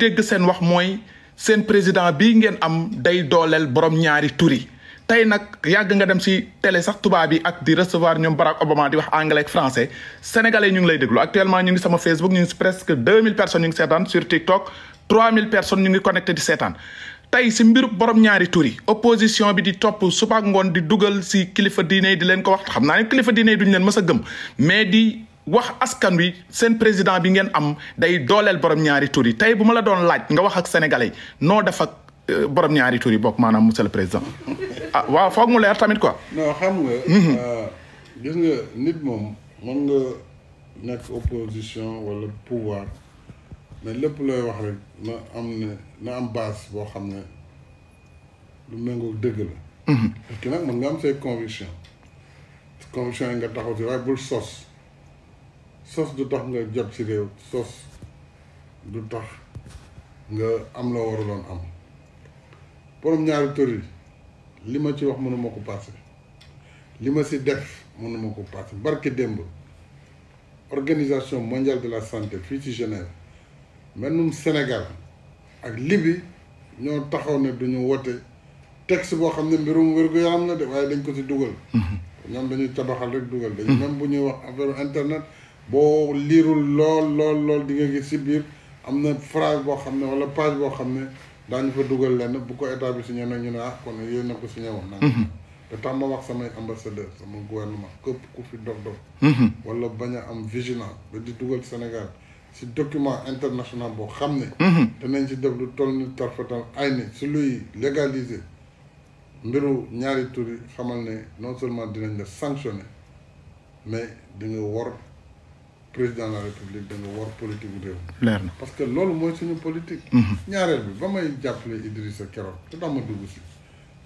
dégg seen wax mooy seen président bii ngeen am day dooleel borom ñaari turi tey nag yàgg nga dem si télé sax tubaab yi ak di recevoir ñoom Barack Obama di wax anglais ak français sénégalais ñu ngi lay déglu actuellement ñu ngi sama Facebook ñu ngi presque 2000 personnes ñu ngi seetaan sur TikTok 3000 personnes ñu ngi connecté di seetaan. tey si mbiru borom ñaari tur yi opposition bi di topp suba ak ngoon di dugal si kilifa diine di leen ko wax xam naa ne kilifa diine yi duñ leen mës a gëm wax askan wi seen président bi ngeen am day dooleel borom ñaari tur yi tey bu ma la doon laaj nga wax ak sénégalais noo def ak euh, borom ñaari tur yi bokk maanaam monsieur le président ah waaw foog mu leer tamit quoi. non xam nga. Mhm. Euh, nga nit moom mën nga nekk opposition walla lépp looy wax rek na am ne na am base boo xam ne lu méngoo dëgg la. Mhm. parce que nag mën nga am say yi nga taxaw ci waaye bul sos. sos du tax nga jot ci réew sos du tax nga am loo war a doon am borom ñaari tur li ma ci wax mënuma ko passé li ma ci def mënuma ko passé barke démb organisation mondiale de la santé fii ci Genève mennum Sénégal ak libi ñoo taxaw ne duñu wote texte boo xam ne mbirum wér-gu-yaram la de waaye dañ ko ci dugal mhm. ñoom dañuy tabaxal rek dugal mhm. dañ même bu ñuy wax affaire internet boo liirul lool lool lool di nga gis si biir am na phrase boo xam ne wala page boo xam ne daañu fa dugal lenn bu ko état bi signé nag ñu ne ah kon yéen na ko signé woon naa mhm. te tax ma wax samay ambassadeur sama gouvernement képp ku fi dof dof mhm. wala bañ a am vigilant ba di dugal Sénégal si document international boo xam ne mhm. danañ si def lu toll ni tarfatal ay ni si luy légaliser mbiru ñaari tur yi xamal ne non seulement dinañ la sanctionner mais di nga président de la république da war politique réew. leer parce que loolu mooy suñu politique. Mhm. ñaareel bi ba may jàppale Idrissa keroog te tax ma dugg si.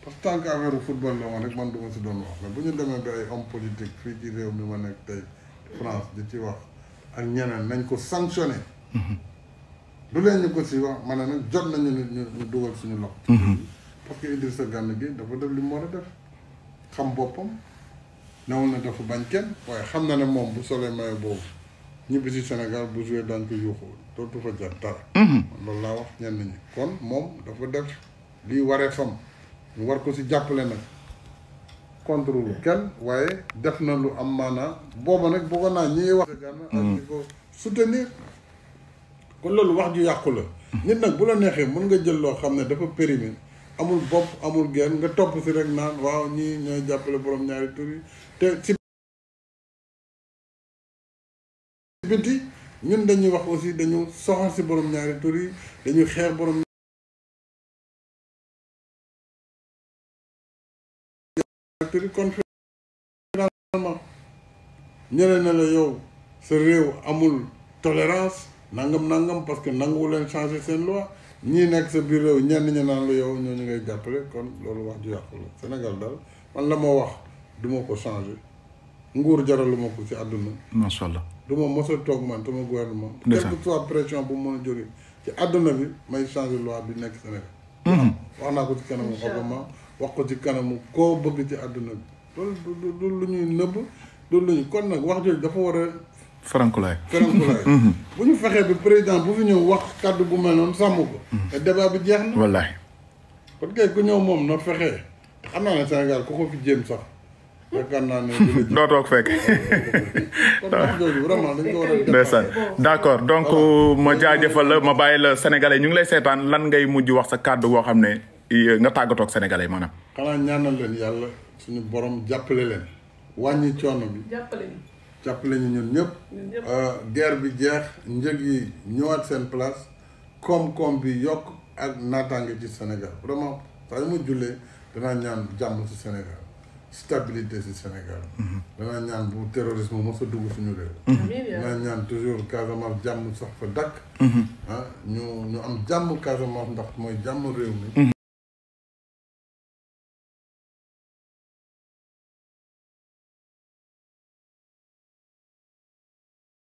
parce que tant affaire football la woon rek man du ma si doon wax mais bu ñu demee ba ay homme politique fii ci réew mi ma nekk tey France di ci wax ak ñeneen nañ ko sanctionné. Mhm. du leen ñu ko si wax ma ne nag jot nañu ne ñu dugal suñu loxo. Mhm. parce que Idrissa Gana Gueye dafa def li mu war a def xam boppam newoon na dafa bañ kenn waaye na ne moom bu solee mayo boobu. ñibbi si Sénégal bu joué daan ko yuuxu dootu fa jar dara. Mhm. loolu laa wax ñenn ñi kon moom dafa def lii ware fam ñu war ko si jàppale nag contre lu kenn waaye def na lu am maanaa booba nag bëggoon naa ñi wax. Mhm. ak di su soutenir. kon loolu wax ju yàqu la. Mhm. nit nag bu la neexee mën nga jël loo xam ne dafa périmé amul bopp amul genn nga topp si rek naan waaw ñii ñooy jàppale borom ñaari tur te si yëkkati ñun dañuy wax aussi dañu soxor si borom ñaari tur yi dañu xeex borom. ñaari tur yi kon finalement la yow sa réew amul tolérance nangam nangam parce que nanguwu leen changer seen loi ñii nekk sa biir réew ñenn ñu naan lu yow ñoo ñu ngay jàppale kon loolu wax ju yàqu la Sénégal daal man la ma wax duma ko changer. nguur jaraluma ko ci àdduna. macha allah du ma mos toog man sama gouvernement. ndeysaan quelle que pression bu mu mën a jógee ci àdduna bi may changer loi bi nekk Sénégal. Mhm. wax naa ko ci kanamu xobama wax ko ci kanamu ko bëgg ci àdduna bi loolu du du lu ñuy nëbb du lu ñuy kon nag wax jooju dafa war a. farankulaay farankulaay mhm. bu ñu fexee bi président bu fi ñëw wax kàddu bu mel noonu sàmm ko. Mhm. te débat bi jeex na. wallaay. kon kay ku ñëw moom na fexee te xam naa ne Sénégal ku ko fi jéem sax. yaakaar naa ne doo fekk. ndeysaan d' accord donc ma jaajëfal la ma bàyyi la sénégalais ñu ngi lay seetaan lan ngay mujj wax sa kàddu boo xam ne nga tàggatoo ak sénégalais maanaam. xanaa ñaanal leen yàlla suñu borom jàppale leen wàññi coono bi jàppale ñu jàppale ñu ñun euh, bi jeex njëg yi ñëwaat seen place koom-koom bi yokk ak naataange ci Sénégal vraiment saa yu ma jullee danaa ñaan jàmm ci Sénégal. stabilité si Sénégal. Mhm. danaa ñaan bu terrorisme mos a dugg suñu réew. Mhm. danaa ñaan toujours Casamance jàmm sax fa dakk mhm. ah ñu ñu am jàmm Casamance ndax mooy jàmm réew mi.